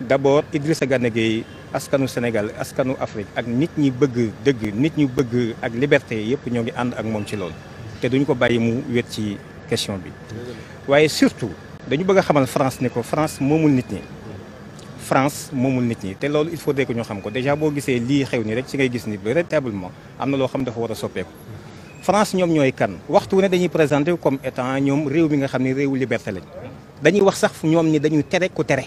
d'abord Idrissa Gana Gueye askanu Sénégal askanu Afrique ak nit ñi bëgg dëgg nit ñu bëgg ak liberté yépp ñoo ngi and ak moom ci lool té duñ ko bàyyi mu wet ci question bi waaye surtout dañu bëgg a xamal France ne ko France moomul nit ñi France moomul nit ñi te loolu il faudrait que ñu xam ko déjà boo gisee lii xew nii rek ci ngay gis ni véritablement am na loo xam dafa war a soppeeku France ñoom ñooy kan waxtu ne dañuy présenté comme étant ñoom réew mi nga xam ne réewu liberté lañ dañuy wax sax ñoom ni dañuy tere ku tere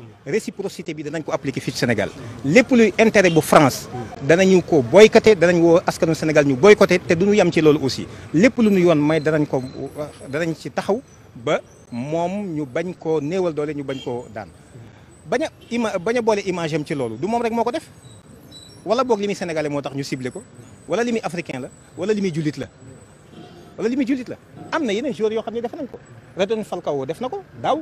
réciprocité bi danañ ko appliqué fii ci Sénégal lépp luy intérêt bu France danañu ko boycotté danañ woo askanu Sénégal ñu boycotté te duñu yem ci loolu aussi lépp lu ñu yoon may danañ ko danañ ci taxaw ba moom ñu bañ koo néewal doole ñu bañ koo daan bañ a bañ a boole image am ci loolu du moom rek moo ko def wala boog li muy sénégalais moo tax ñu ciblé ko wala li muy africain la wala li muy jullit la wala li muy jullit la am na yeneen joueurs yoo xam ne def nañ ko Radon Falcao def na ko daaw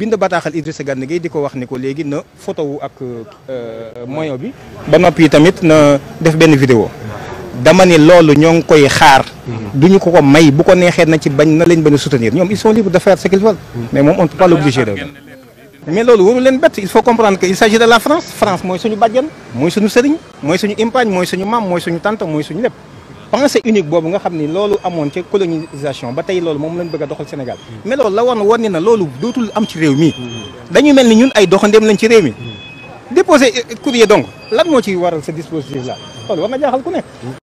bind bataxal Idrissa gane Gueye diko wax ni ko legui na photo wu ak euh, moyen bi ba nopi tamit na def ben vidéo dama ni loolu ñong koy xaar duñu ko ko may bu ko nexé na ci bañ na lañ bañu soutenir ñom ils sont libres de faire ce qu'ils veulent mais mom on peut pas l'obliger de mais loolu waru leen bet il faut comprendre que il s'agit de la France France moy suñu badjan moy suñu serigne moy suñu impagne moy suñu mam moy suñu tante moy suñu lepp pensée unique bobu nga xamni lolu amone ci colonisation ba lañ Sénégal mais lolu la won woon ni na dootul am ci mi dañu melni ñun ay doxandem lañ ci réew mi déposer courrier donc lan mo ci waral ce dispositif là war ku